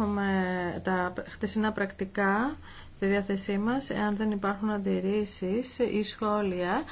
έχουμε τα χτεσινά πρακτικά στη διάθεσή μας. Εάν δεν υπάρχουν αντιρρήσεις ή σχόλια,